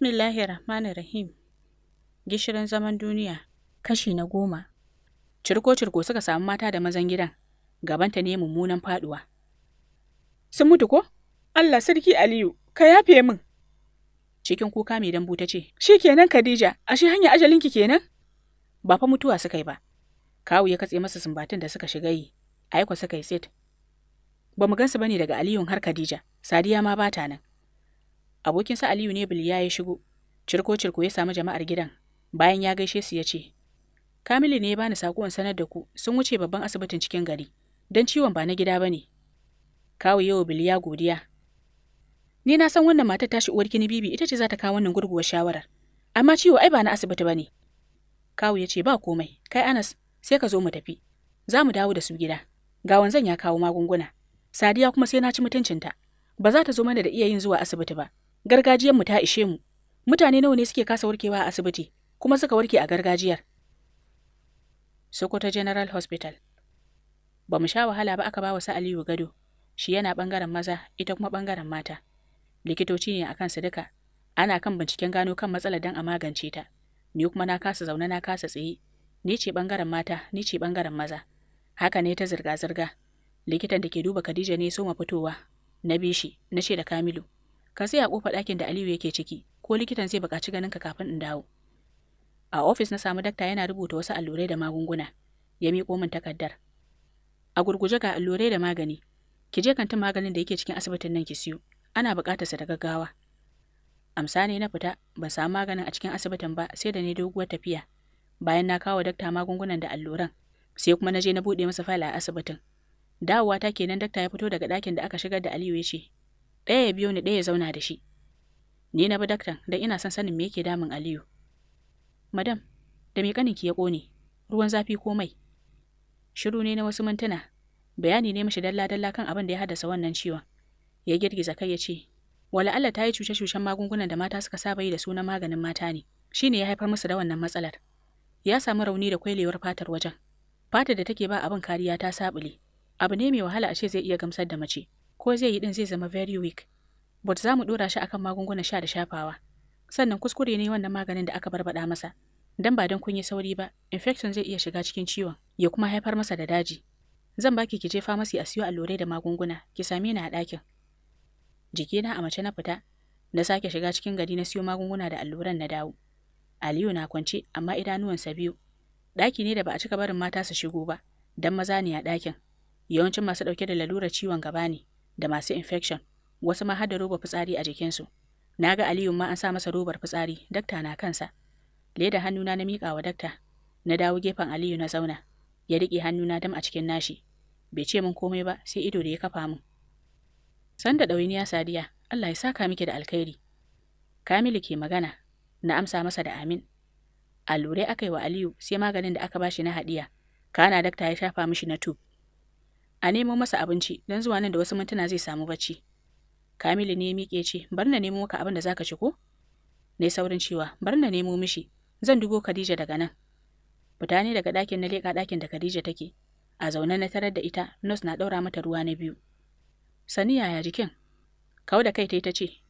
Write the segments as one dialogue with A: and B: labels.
A: Bismillahir Rahmanir Rahim. Gishirin zaman duniya, kashi na goma. Cirko-cirko suka samu mata da mazan gidan, gabanta ne mummunan faduwa. Sun mutu ko? Allah sarki Aliyu, ka yafe min. Cikin kuka mai dambu ta ce, Shi kenan Khadija, ashe hanya ajalinki kenan? Ba fa mutuwa suka yi ba. Kawu ya katse masa sumbatin da suka shiga yi, aiko suka yi set. Ba mu gansu bane daga Aliyun har Khadija, Sadiya ma bata nan. abokin sa Aliyu ne Biliya ya shigo, cirko-cirko ya samu jama'ar gidan, bayan ya gaishe su ya ce, Kamilu ne ya bani sako in sanar da ku sun wuce babban asibitin cikin gari, don ciwon ba na gida ba ne. Kawo yau Biliya godiya. Ni na san wannan matar tashi uwar kini bibi ita ce za ta kawo wannan gurguwar shawarar, amma ciwo ai ba na asibiti ba ne. Kawu ya ce ba komai, kai Anas sai ka zo mu tafi, za mu dawo da su gida. Ga wanzan ya kawo magunguna, Sadiya kuma sai na ci mutuncinta, ba za ta zo mana da iya yin zuwa asibiti ba. gargajiyar mu ta ishe mu mutane nawa ne suke kasa warkewa a asibiti kuma suka warke a gargajiyar Sokoto General Hospital ba mu sha wahala ba aka ba wa Aliyu gado shi yana bangaren maza ita kuma ɓangaren mata likitoci ne akan su duka ana kan binciken gano kan matsalar dan a magance ta ni kuma na kasa zaune na kasa tsaye ni ce bangaren mata ni ce bangaren maza haka ne ta zirga-zirga likitan da ke duba Khadija ne so ma fitowa na bi shi na ce da Kamilu ka sai a kofa ɗakin da Aliyu yake ciki ko likitan zai buƙaci ganin ka kafin in dawo a ofis na samu dakta yana rubuta wasu allurai da magunguna ya miƙo min takardar a gurguje ga allurai da magani ki je kantin maganin da yake cikin asibitin nan ki siyo ana buƙatar sa da gaggawa amsa ne na fita ban samu maganin a cikin asibitin ba sai da ne doguwar tafiya bayan na kawo dakta magungunan da alluran sai kuma na je na buɗe masa fayil a asibitin dawowa ta kenan dakta ya fito daga ɗakin da aka shigar da Aliyu ya ce ɗaya ya biyo ni ɗaya ya zauna da shi ni na bi daktan don ina son sanin me yake damun aliyu madam da me kaninki ya ƙone ruwan zafi ko mai shiru ne na wasu mintuna bayani ne mashi dalla-dalla kan abin da ya haddasa wannan ciwon ya girgiza kai ya ce wala Allah ta yi cuce-cucen magungunan da mata suka saba yi da sunan maganin mata ne Shi ne ya haifar musu da wannan matsalar ya samu rauni da kwailewar fatar wajen fatar da take ba abin kariya ta sabule abu ne mai wahala a ce zai iya gamsar da mace ko zai yi din zai zama very weak but za mu dora shi akan magungunan sha da shafawa sannan kuskure ne wannan maganin da aka barbada masa dan ba dan kun yi sauri ba infection zai iya shiga cikin ciwon ya kuma haifar masa da daji zan baki ki je famasi a siyo allurai da magunguna ki same ni a ɗakin jikina a mace na fita na sake shiga cikin gari na siyo magunguna da alluran na dawo Aliyu na kwance amma idanuwansa biyu ɗaki ne da ba a cika barin mata su shigo ba dan maza ne a ɗakin yawancin masu ɗauke da lalura ciwon gaba ne da masu infection wasu ma hada roba fitsari a jikinsu na ga aliyu ma an sa masa robar fitsari dakta na kansa leda hannuna na miƙa wa dakta na dawo gefen aliyu na zauna ya riƙe hannuna dam a cikin nashi bai ce mun komai ba sai ido da ya kafa min sanda ɗawainiya sadiya allah ya saka miki da alkhairi kamilu ke magana na amsa masa da amin A allurai aka yi wa aliyu sai maganin da aka bashi na haɗiya kana dakta ya shafa mishi na tube a nemo masa abinci don zuwa nan da wasu mintuna zai samu bacci kamilu ne ya miƙe ce bar na nemo maka abin da zaka ci ko Na yi saurin cewa bar na nemo mishi zan dugo khadija daga nan fita ne daga ɗakin na leƙa ɗakin da khadija take a zaune na tarar da ita nurse na ɗaura mata ruwa na biyu sani yaya jikin kau da kai ta yi ta ce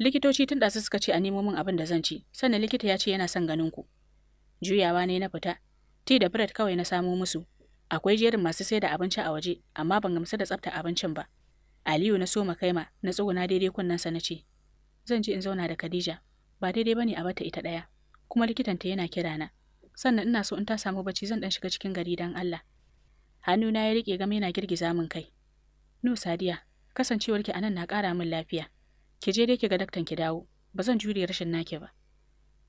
A: likitoci tun da suka ce a nemo min abin da zan ci sannan likita ya ce yana son ganin ku juyawa ne na fita ti da bread kawai na samo musu Akwai jerin masu sai da abinci a waje, amma ban gamsu da tsafta abincin ba. Aliyu na so makaima na tsuguna daidai kunnensa na ce, Zan je in zauna da Khadija, ba daidai bane a bata ita ɗaya, kuma likitanta yana kira na. Sannan ina so in ta samu bacci zan ɗan shiga cikin gari don Allah. Hannu na ya riƙe game yana girgiza min kai. nu Sadiya, kasancewarki a nan na kara min lafiya. Ki je dai ki ga daktan ki dawo, ba zan jure rashin naki ba.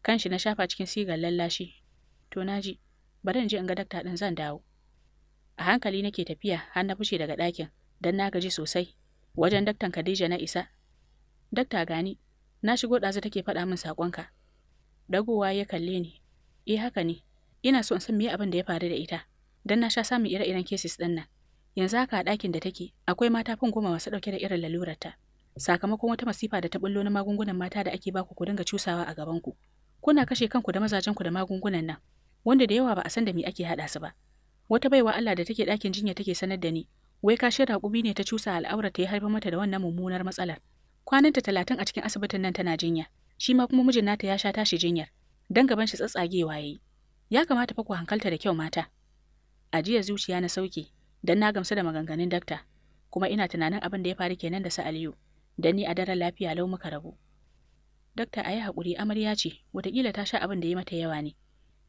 A: Kanshi na shafa cikin sigar lallashi. To naji, bari in je in ga dakta din zan dawo. a hankali nake tafiya har na fushe daga ɗakin don na gaji sosai wajen daktan Khadija na isa dakta gani na shigo ɗazu take faɗa min saƙonka dagowa ya kalle ni eh haka ne ina so in san me abin da ya faru da ita don na sha samun ire-iren cases ɗin nan yanzu haka a ɗakin da take akwai mata fin goma masu ɗauke da irin lalurarta sakamakon wata masifa da ta bullo na magungunan mata da ake baku ku dinga cusawa a gabanku kuna kashe kanku da mazajenku da magungunan nan wanda da yawa ba a san da me ake haɗa su ba Wata baiwa Allah da take ɗakin jinya take sanar da ni, wai ka shirya raƙumi ne ta cusa al'aura ta yi haifar mata da wannan mummunar matsalar. Kwananta talatin a cikin asibitin nan tana jinya, shi ma kuma mijin nata ya sha tashi jinyar, dan gaban shi tsatsagewa yayi. Ya kamata fa ku hankalta da kyau mata. Ajiya zuciya na sauke, dan na gamsu da maganganun dakta, kuma ina tunanin abin da ya faru kenan da su Aliyu, dan ni a daren lafiya lau muka rabu. Dakta a yi haƙuri amarya ce, wataƙila ta sha abin da ya mata yawa ne.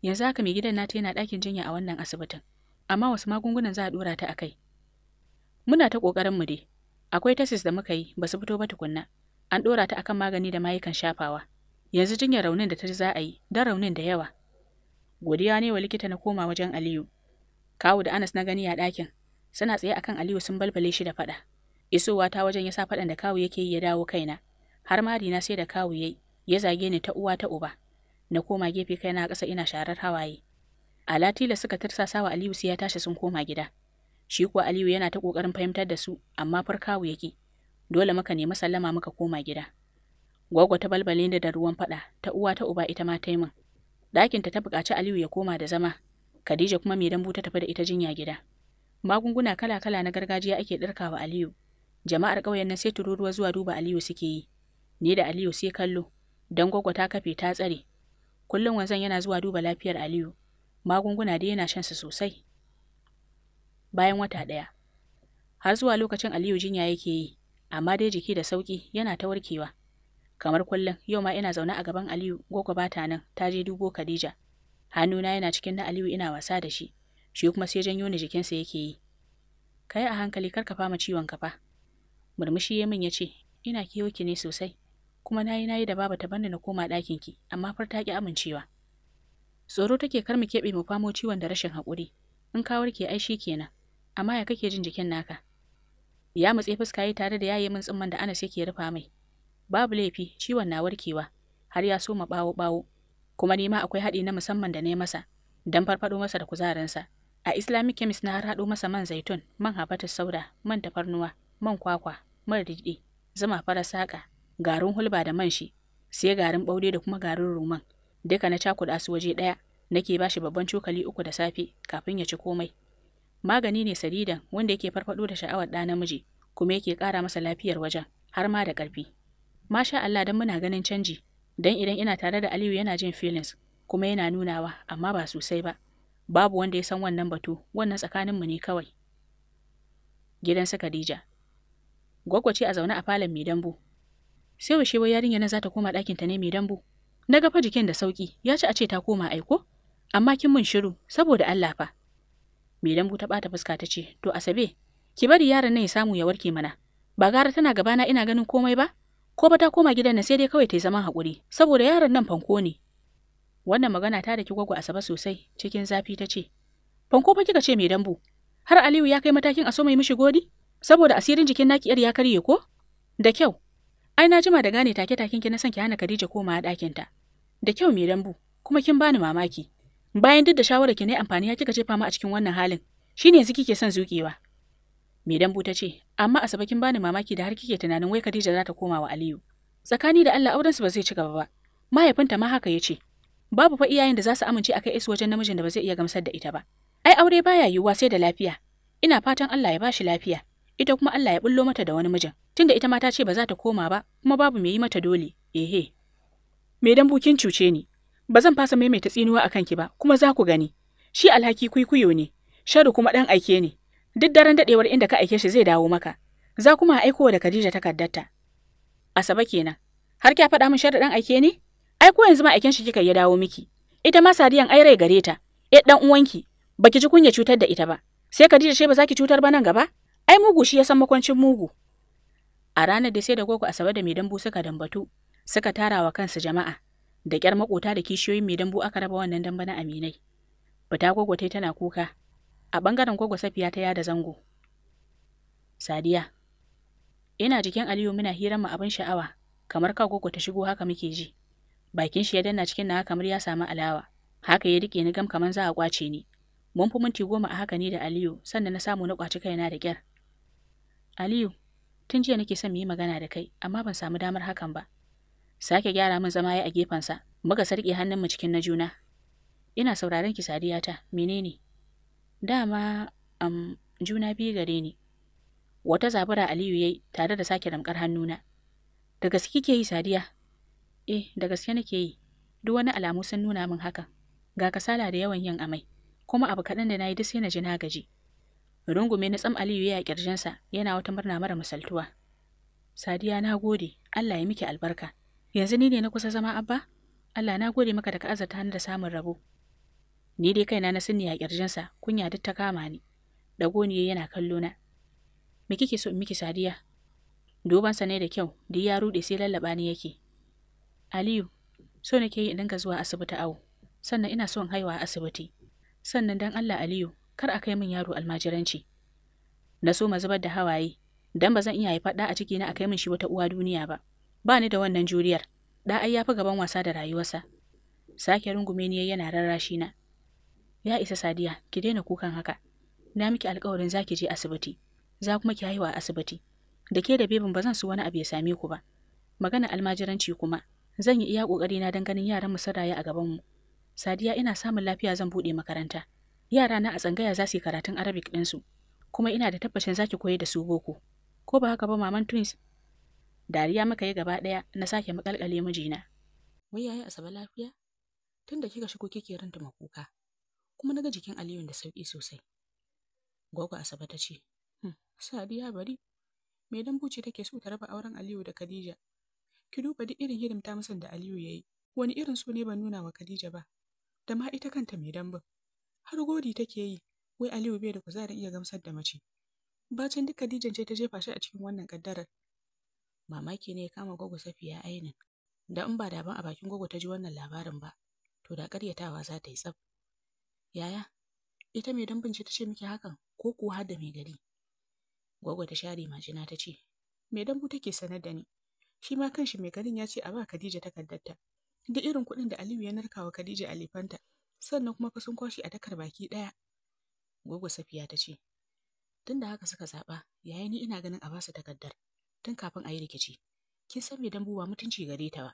A: Yanzu haka mai gidan nata yana ɗakin jinya a wannan asibitin. amma wasu magungunan za a dora ta akai muna ta ƙoƙarin mu dai akwai tasis da muka yi ba su fito ba tukunna an dora ta akan magani da mayukan shafawa yanzu jinyar raunin da ta za a yi don raunin da yawa godiya ne wa likita na koma wajen aliyu kawu da anas na gani a ɗakin suna tsaye akan aliyu sun balbale shi da faɗa isowa ta wajen ya sa faɗan da kawu yake yi ya dawo kaina har mari na sai da kawu yi. ya zage ni ta uwa ta uba na koma gefe kaina a ƙasa ina sharar hawaye Alatila suka tarsasa wa Aliyu sai ya tashi sun koma gida. Shi kuwa Aliyu yana ta kokarin fahimtar da su amma farkawu yake. Dole muka nemi sallama muka koma gida. Gwagwa ta balbale da da ruwan fada, ta uwa ta uba ita ma ta yi min. Ɗakinta ta buƙaci Aliyu ya koma da zama. Khadija kuma mai dambu ta tafi da ita jinya gida. Magunguna kala-kala na gargajiya ake ɗarkawa Aliyu. Jama'ar ƙauyen nan sai tururuwa zuwa duba Aliyu suke yi. Ni da Aliyu sai kallo, don gwagwa ta kafe ta tsare. Kullum wanzan yana zuwa duba lafiyar Aliyu. magunguna dai yana shan su sosai bayan wata ɗaya har zuwa lokacin aliyu jinya yake yi amma dai jiki da sauki yana ta warkewa kamar kullum yau ma ina zaune a gaban aliyu gogo bata nan ta je dubo khadija hannuna yana cikin na aliyu ina wasa da shi shi kuma sai janyo ni jikinsa yake yi kai a hankali kar ka fama ciwon kafa. murmushi ya min ya ce ina kiwo ne sosai kuma nayi nayi da baba ta banda na koma ɗakin ki amma far ta ki amincewa Tsoro take kar mu keɓe mu famo ciwon da rashin haƙuri. In ka warke ai shi kenan. Amma ya kake jin jikin naka? Ya mutse fuska yi tare da yayi min tsimman da Anas yake rufa mai. Babu laifi, ciwon na warkewa. Har ya so ma bawo bawo. Kuma ni ma akwai haɗi na musamman da ne masa dan farfado masa da kuzarinsa. A Islamic chemist na har haɗo masa man zaitun, man hafatar sauda, man tafarnuwa, man kwakwa, man riɗi, zama fara saƙa, garin hulba da man shi, sai garin ɓaure da kuma garin ruman. Duka na cakuɗa su waje ɗaya, nake ba shi babban cokali uku da safe kafin ya ci komai. Magani ne saridan, wanda yake farfaɗo da sha'awar ɗa namiji, kuma yake ƙara masa lafiyar wajen, har ma da ƙarfi. Masha Allah don muna ganin canji, dan idan ina tare da Aliyu yana jin feelings, kuma yana nunawa, amma ba sosai ba. Babu wanda ya san wannan batu, wannan tsakaninmu ne kawai. Gidan su Khadija. Gwaggwace a zaune a falon mai dambu. Sai wa shewa yarinya na za ta koma ɗakinta ne mai dambu. Na ga jikin da sauki, ya ci a ce ta koma aiko? Amma kin mun shiru saboda Allah fa. Me lambu ta bata fuska ta ce, "To Asabe, ki bari yaron nan ya samu ya warke mana. Ba gara tana gabana ina ganin komai ba? Ko ba ta koma gidan na sai dai kawai ta yi zaman haƙuri, saboda yaron nan fanko ne." Wannan magana ta da ki gwagwa Asabe sosai, cikin zafi ta ce, "Fanko fa kika ce me dambu? Har Aliyu ya kai matakin a so mai mishi godi? Saboda asirin jikin naki yar ya karye ko?" Da kyau. Ai na jima da gane take-taken ki na son ki hana Khadija komawa ɗakinta. Da kyau mai dambu, kuma kin bani mamaki. Bayan duk da shawarar ki ne amfani ya kika jefa mu a cikin wannan halin, shine yanzu kike son zukewa. Mai dambu ta ce, amma Asabe kin bani mamaki da har kike tunanin wai Khadija za ta koma wa Aliyu. Tsakani da Allah aurensu ba zai ci gaba ba. Mahaifinta ma haka ya ce, babu fa iyayen da za su amince a kai Isu wajen namijin da ba zai iya gamsar da ita ba. Ai aure baya yiwuwa sai da lafiya. Ina fatan Allah ya bashi lafiya. Ita kuma Allah ya bullo mata da wani mijin. Tunda ita ma ta ce ba za ta koma ba, kuma babu mai yi mata dole. Ehe. mai dan bukin cuce ni ba zan fasa maimaita tsinuwa akan ki ba kuma za ku gani shi alhaki kuikuyo ne sharu kuma dan aike ne duk daren dadewar inda ka aike shi zai dawo maka za kuma aiko da Khadija takardarta Asabe kenan har kya faɗa min sharu dan aike ne aiko yanzu ma aiken shi kika ya dawo miki ita ma sadiyan ai rai gare ta eh dan uwanki baki ji kunya cutar da ita ba sai Khadija ce ba za ki cutar ba nan gaba ai mugu shi ya san makwancin mugu a ranar da sai da gogo Asabe da mai dambu suka dambatu suka tara wa kansu jama'a da kyar makota da kishiyoyin mai dambu aka raba wannan damba na aminai fita gwagwate tana kuka a bangaren gwagwa safiya ta yada zango sadiya ina jikin aliyu muna hiran mu abin sha'awa kamar ka gwagwa ta shigo haka muke ji bakin shi ya danna cikin na kamar ya samu alawa haka ya rike ni gam kamar za a kwace ni mun fi minti goma a haka ni da aliyu sannan na samu na kwaci kaina da kyar aliyu tun jiya nake son mu yi magana da kai amma ban samu damar hakan ba Sake gyara min zama ya a gefen sa, muka sarƙe hannunmu cikin na juna. Ina sauraron ki sadiyata, menene? Dama, um, juna biyu gare ni. Wata zabura Aliyu yayi tare da sake damƙar hannuna. Da gaske kike yi sadiya? Eh, da gaske nake yi. Duk wani alamu sun nuna min haka. Ga kasala da yawan yin amai, kuma abu kaɗan da na yi duk sai na ji na gaji. Rungume na tsam Aliyu ya ƙirjinsa, yana wata murna mara misaltuwa. Sadiya na gode, Allah ya miki albarka. Yanzu ni ne na kusa zama abba? Allah na gode maka da ka azarta ni da samun rabo. Ni dai kaina na sani a kirjinsa, kunya duk ta kama ni. Dago ni yana kallo na. Me kike so in miki sadiya? Dubansa ne da kyau, duk ya rude sai lallaba ni yake. Aliyu, so nake yi in dinga zuwa asibiti awo. Sannan ina son haihuwa a asibiti. Sannan dan Allah Aliyu, kar a kai min yaro almajiranci. Na so ma zubar da hawaye, dan ba zan iya yi da a ciki na a kai min shi wata uwa duniya ba. ba ni da wannan juriyar da ai ya fi gaban wasa da rayuwarsa sake rungume ni yana rarrashi na ya isa sadiya ki daina kukan haka na miki alƙawarin zaki je asibiti za kuma ki a asibiti da ke da bebin ba zan su wani abu ya same ku ba magana almajiranci kuma zan yi iya kokari na don ganin yaran mu sarraya a gaban mu sadiya ina samun lafiya zan buɗe makaranta yara na a tsangaya za su yi karatun arabic ɗinsu kuma ina da tabbacin zaki ki koyi da su boko ko ba haka ba maman twins dariya muka yi gaba ɗaya na sake makalkale mijina wai yayi asabe lafiya Tunda kika shigo kike ranta makuka kuma naga jikin Aliyu da sauki sosai gogo asabe ta ce hmm, sadiya bari me dan buce take so ta raba auren Aliyu da Khadija ki duba duk irin hidimta musan da Aliyu ya yi. wani irin so ne ban nuna wa Khadija ba da ma ita kanta mai dambin har godi take yi wai Aliyu bai da kuzarin iya gamsar da mace bacin duk Khadijan ce ta jefa shi a cikin wannan kaddarar mamaki ne ya kama Gwagwa safiya ainin da in ba daban a bakin Gwagwa ta ji wannan labarin ba to da karyatawa za ta yi tsaf yaya ita mai dambin ce ta ce miki hakan ko kuwa har da mai gari Gwagwa ta share majina ta ce mai dambu take sanar da ni shi ma kanshi mai garin ya ce a ba Khadija takardarta da irin kuɗin da Aliyu ya narka wa Khadija alifanta sannan kuma fa sun kwashi a takar baki ɗaya Gwagwa Safiya ta ce tunda haka suka zaɓa yayi ni ina ganin a basu takardar tun kafin a yi rikici. Kin san mai dambu ba mutunci gare ta ba.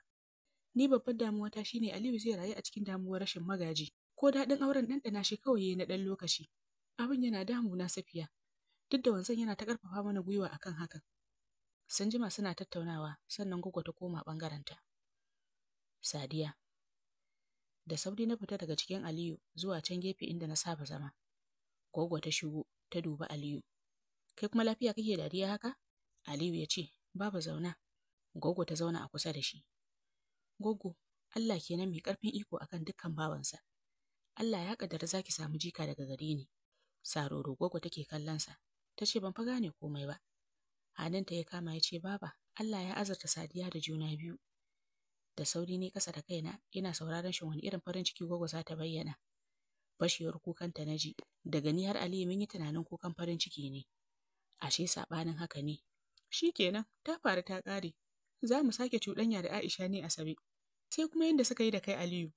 A: Ni babbar damuwata ne Aliyu zai rayu a cikin damuwar rashin magaji, ko daɗin auren ɗanɗana shi kawai yayi na ɗan lokaci. Abin yana damuna safiya. Duk da wanzan yana ta ƙarfafa mana gwiwa akan hakan. Sun jima suna tattaunawa sannan Goggo ta koma ɓangarenta. Sadiya. Da sauri na fita daga cikin Aliyu zuwa can gefe inda na saba zama. gogo ta shigo ta duba Aliyu. Kai kuma lafiya kake dariya haka? Aliyu ya ce, Baba zauna, Gogo ta zauna a kusa da shi. Gwaggo, Allah kenan mai ƙarfin iko a kan dukkan bawansa. Allah ya ƙaddara za ki samu jika daga gare ni. Saroro gogo take kallonsa, ta ce ban fa gane komai ba. ta ya kama ya ce, Baba, Allah ya azarta sadiya da juna biyu. Da sauri ne ƙasa da kaina, ina sauraron shi wani irin farin ciki Gogo za ta bayyana. Bashewar kukanta na ji, daga ni har Aliyu mun yi tunanin kukan farin ciki ne. Ashe saɓanin haka ne, Shi kenan, ta faru ta ƙare. Za mu sake cuɗanya da Aisha ne Asabe. Sai kuma yadda suka yi da kai Aliyu.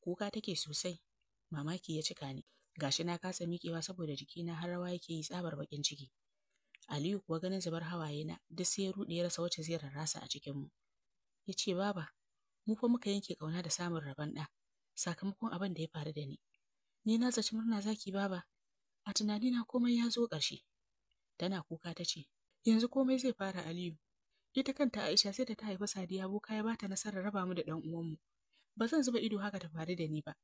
A: Kuka take sosai, mamaki ya cika ni. Gashi na kasa miƙewa saboda jiki na har rawa yake yi tsabar bakin ciki. Aliyu kuwa ganin zubar hawaye na duk sai ya rude ya rasa wacce zai rarrasa a cikinmu. Ya ce, Baba, mu fa muka yanke ƙauna da samun rabon ɗa, sakamakon abin da ya faru da ni. Ni na zaci murna zaki baba, a tunanina komai ya zo ƙarshe. Tana kuka ta ce, Yanzu komai zai fara Aliyu. Ita kanta Aisha sai da ta haifi Sadiya boka ya bata nasarar raba mu da ɗan uwanmu. Ba zan zuba ido haka ta faru da ni ba.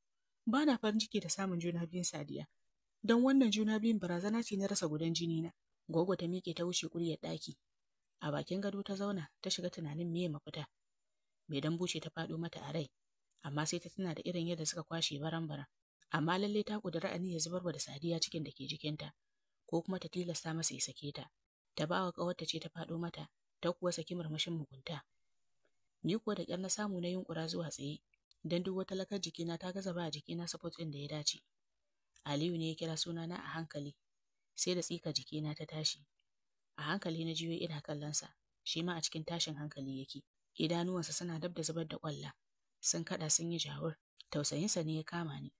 A: Ba na farin ciki da samun juna biyun Sadiya. Don wannan juna biyun barazana ce na rasa gudan jini na. Gogo ta miƙe ta wuce ƙuryar ɗaki. A bakin gado ta zauna ta shiga tunanin meye mafita. Mai dan bushe ta faɗo mata a rai. Amma sai ta tuna da irin yadda suka kwashe baran-baran. Amma lallai ta ƙudiri aniyar zubarwa da Sadiya cikin da ke jikinta. Ko kuma ta tilasta masa ya sake ta. Ta tabawa ƙawarta ce ta faɗo mata ta kuwa saki murmushin mugunta ni kuwa da ƙyar na samu na yunkura zuwa tsaye don duk wata lakar jikina ta gaza ba a jikina support ɗin da ya dace aliyu ne ya kira sunana a hankali sai da tsika jikina ta tashi a hankali na jiyo ina kallonsa shi ma a cikin tashin hankali yake idanuwansa suna dab da zubar da ƙwalla sun kaɗa sun yi jawur tausayinsa ne ya kama ni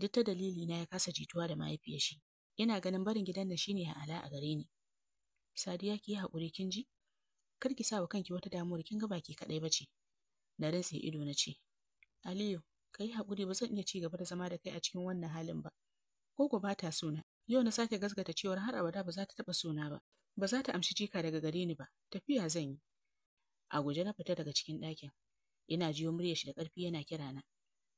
A: duk ta dalili na ya kasa jituwa da mahaifiyar shi ina ganin barin gidan da shine ya'ala a gare ni Sadiya ki yi haƙuri kin ji? Kar ki sa wa kanki wata damuwar kin ga baki kaɗai ba ce. Na rantse ido na ce, Aliyu, ka yi haƙuri ba zan iya ci gaba da zama da kai a cikin wannan halin ba. Gogo ba ta suna. Yau na sake gasgata cewar har abada ba za ta taɓa suna ba. Ba za ta amshi jika daga gare ni ba. Tafiya zan yi. A guje na fita daga cikin ɗakin. Ina jiyo murya shi da ƙarfi yana kira na.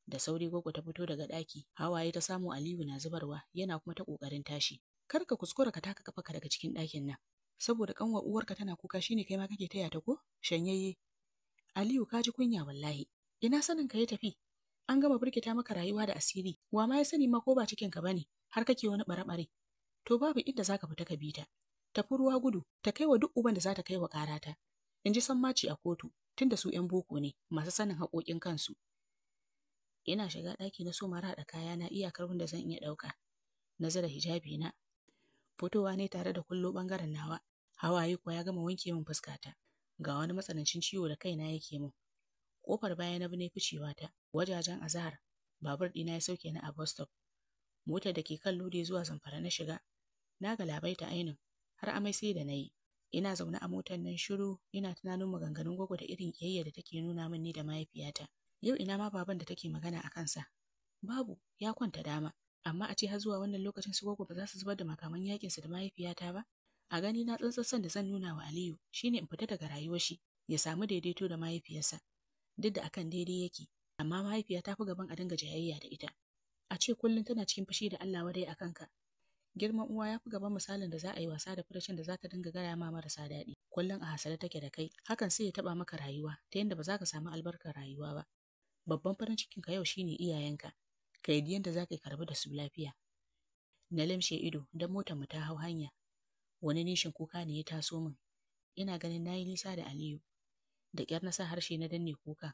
A: Da sauri gogo ta fito daga ɗaki, hawaye ta samu Aliyu na zubarwa, yana kuma ta ƙoƙarin tashi. Kar ka kuskura ka taka kafa daga cikin ɗakin nan. saboda kanwar uwarka tana kuka shine kai ma kake taya ta ko shanyayye Aliyu ka ji kunya wallahi ina sanin ka ya tafi an gama birkita maka rayuwa da asiri wa ma ya sani ma ko ba cikin ka bane har kake wani ɓare-ɓare? to babu inda zaka fita ka bita. ta tafi ruwa gudu ta kaiwa duk uban da za ta kaiwa karata in ji sammaci a kotu tunda su 'yan boko ne masu sanin haƙoƙin kansu ina shiga ɗaki na so mara haɗa kaya na iyakar wanda zan iya ɗauka na hijabi na fitowa ne tare da kullo ɓangaren nawa Hawaye kuwa ya gama wanke min fuskata. Ga wani matsanancin ciwo da kaina yake min. Kofar baya na bi ficewa ta. Wajajen azahar, babur ɗina ya sauke ni a bus stop. Motar da ke kan lodi zuwa Zamfara na shiga. Na ga galabaita ainin, har amai sai da na yi. Ina zaune a motar nan shiru, ina tunanin maganganun gwagwa da irin kiyayya da take nuna min ni da mahaifiyata. Yau ina ma baban da take magana a kansa. Babu, ya kwanta dama. Amma a ce har zuwa wannan lokacin su gwagwa ba za su zubar da makaman yakin su da mahaifiyata ba? A gani na tsantsan son da zan nuna wa Aliyu shine in fita daga rayuwar shi ya samu daidaito da mahaifiyarsa. Duk da akan daidai yake, amma mahaifiya ta fi gaban a dinga jayayya da ita. A ce kullum tana cikin fushi da Allah wadai a kanka. Girman uwa ya fi gaban misalin da za a yi wasa da furacin da za ta dinga gaya ma marasa daɗi. Kullum a hasale take da kai, hakan sai ya taɓa maka rayuwa ta yadda ba za ka samu albarkar rayuwa ba. Babban farin cikin ka yau shine iyayenka. Ka yi yadda za ka yi karbi da su lafiya. Na lamshe ido don motar mu ta hau hanya wani nishin kuka ne ya taso min ina ganin na yi nisa da aliyu da ƙyar na sa harshe na danne kuka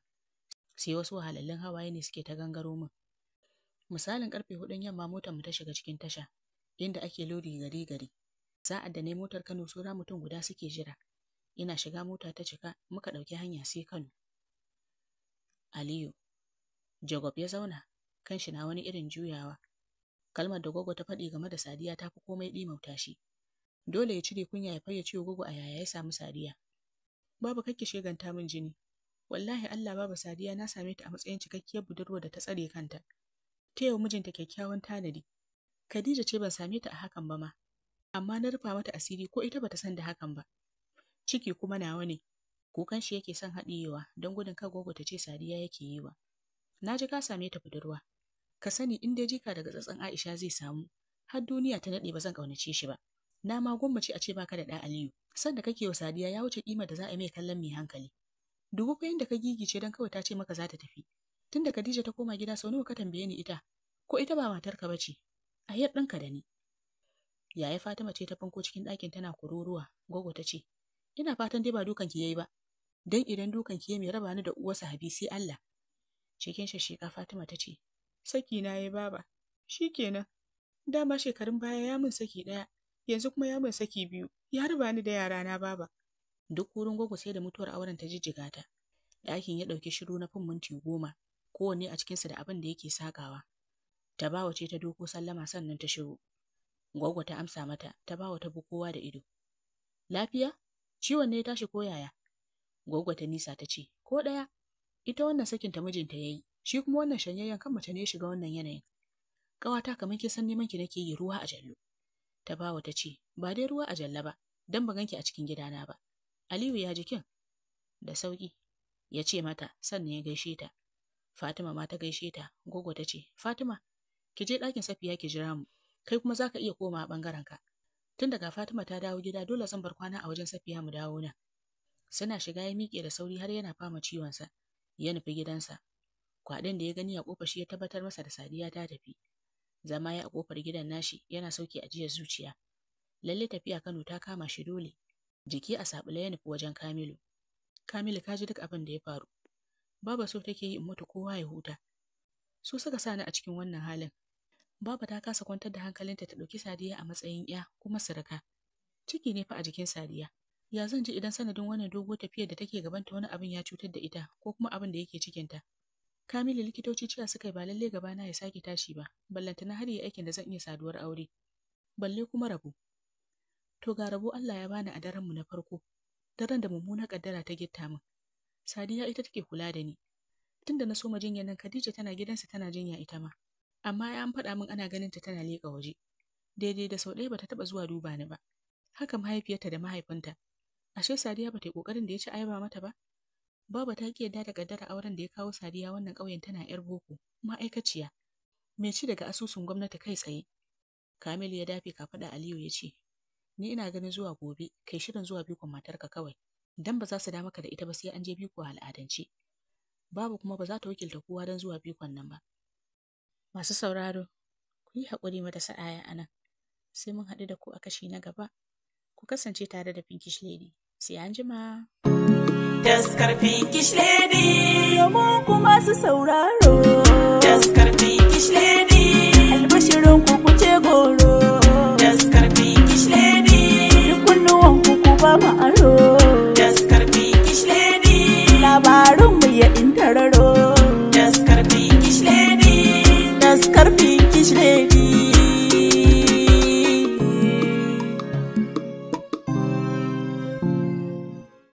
A: sai wasu wahalallun hawaye ne suke ta gangaro min misalin karfe hudun yamma motar mu ta shiga cikin tasha inda ake lodi gari gari sa'ad da yi motar kano tsura mutum guda suke jira ina shiga mota ta cika muka ɗauki hanya sai kano aliyu jagob ya zauna kanshi na wani irin juyawa kalmar da gogo ta faɗi game da sadiya ta fi komai ɗimauta shi Dole ya cire kunya ya fayyace wa Gogo a yaya ya samu Sadiya. Babu kakki sheganta min jini. Wallahi Allah babu Sadiya na same ta a matsayin cikakkiyar budurwa da ta tsare kanta. Ta yau mijinta kyakkyawan tanadi. Khadija ce ban same ta a hakan ba ma. Amma na rufa mata asiri ko ita bata san da hakan ba. Ciki kuma nawa ne. Kukan shi yake son haɗiyewa don gudun kar Gogo ta ce Sadiya yake yi wa. Na ji ka same ta budurwa. Ka sani in dai jika daga tsatsan Aisha zai samu har duniya ta naɗi ba zan ƙaunace shi ba. na ma gwammace a ce baka da ɗa Aliyu sanda kake wa Sadiya ya wuce kimar da za a mai kallon mai hankali dubu fa yanda ka gigice dan kawai ta ce maka za ta tafi tunda Khadija ta koma gida sau nawa ka tambaye ni ita ko ita ba matarka bace a yar ɗanka da ni yaya Fatima ce ta fanko cikin ɗakin tana kururuwa gogo ta ce ina fatan dai ba dukan ki yayi ba dan idan dukan ki yayi mai raba ni da uwarsa Habi sai Allah cikin shashika Fatima ta ce saki na yayi baba shikenan dama shekarun baya ya mun saki daya yanzu kuma ya mai saki biyu ya raba ni da yarana baba duk wurin gwaggo sai da mutuwar auren ta jijjiga ta ɗakin ya ɗauki shiru na fin minti goma kowanne a cikinsa da abin da yake sakawa tabawa ce ta doko sallama sannan ta shiru gwaggo ta amsa mata tabawa ta bi kowa da ido lafiya ciwon ne ya tashi ko yaya gwaggo ta nisa ta ce ko ɗaya ita wannan sakin ta mijinta yayi shi kuma wannan shanyayyen kan mace ne ya shiga wannan yanayin ƙawata kamar kin san neman ki nake yi ruwa a jallo Tabawa ta ce, ba dai ruwa a jalla ba, don ba ganki a cikin gidana ba. Aliyu ya jikin? Da sauƙi, ya ce mata, sannan ya gaishe ta. Fatima ma ta gaishe ta, gogo ta ce, Fatima, ki je ɗakin safiya ki jira mu, kai kuma za ka iya komawa ka Tun daga Fatima ta dawo gida dole zan bar kwana a wajen safiya mu dawo nan. Suna shiga ya miƙe da sauri har yana fama ciwon sa ya nufi gidansa. Kwaɗin da ya gani a ƙofa shi ya tabbatar masa da sadiya ta tafi. Zama ya a kofar gidan nashi yana sauke ajiyar zuciya. Lalle tafiya Kano ta kama shi dole. Jiki a sabula ya nufi wajen Kamilu. Kamilu ka ji duk abin da ya faru. Baba so take yi in mutu kowa ya huta. Su suka sani a cikin wannan halin. Baba ta kasa kwantar da hankalinta ta ɗauki Sadiya a matsayin ya kuma suraka. Ciki ne fa a jikin Sadiya. Ya zan ji idan sanadin wannan dogo tafiyar da take gabanta wani abin ya cutar da ita ko kuma abin da yake cikinta. Kamilu likitoci cewa suka yi ba lalle gabana ya sake tashi ba, ballantana har yi aikin da zan iya saduwar aure. Balle kuma rabu. To ga rabu Allah ya bani a daren mu na farko, daren da mummuna kaddara ta gitta min. Sadiya ita take kula da ni. Tunda na soma jinya nan Khadija tana gidansa tana jinya ita ma. Amma ya an faɗa min ana ganin ta tana leƙa waje. Daidai da sau ɗaya bata taɓa zuwa duba ni ba. Haka mahaifiyarta da mahaifinta. Ashe Sadiya bata yi ƙoƙarin da ya ci ayaba mata ba? Baba ta ki yadda da kaddara auren da ya kawo Sadiya wannan ƙauyen tana 'yar boko, ma'aikaciya, Me ci daga asusun gwamnati kai tsaye. Kamilu ya dafe kafaɗa Aliyu ya ce, Ni ina ganin zuwa gobe, kai shirin zuwa bikon matarka kawai, dan ba za su damaka maka da ita ba sai an je biko a al'adance. Babu kuma ba za ta wakilta kowa don zuwa bikon nan ba. Masu sauraro, ku yi haƙuri mata sa'aya a nan, sai mun haɗu da ku a kashi na gaba. Ku kasance tare da Pinkish Lady. sai an jima. Taskar kishledi Lady. kuma su sauraro. Taskar kishledi. Albashirin ku kuce goro. Taskar kishledi. Kunnuwan ku ku ba mu aro. kishledi Labarin mu ya intararo. Taskar kishledi. Lady. kishledi.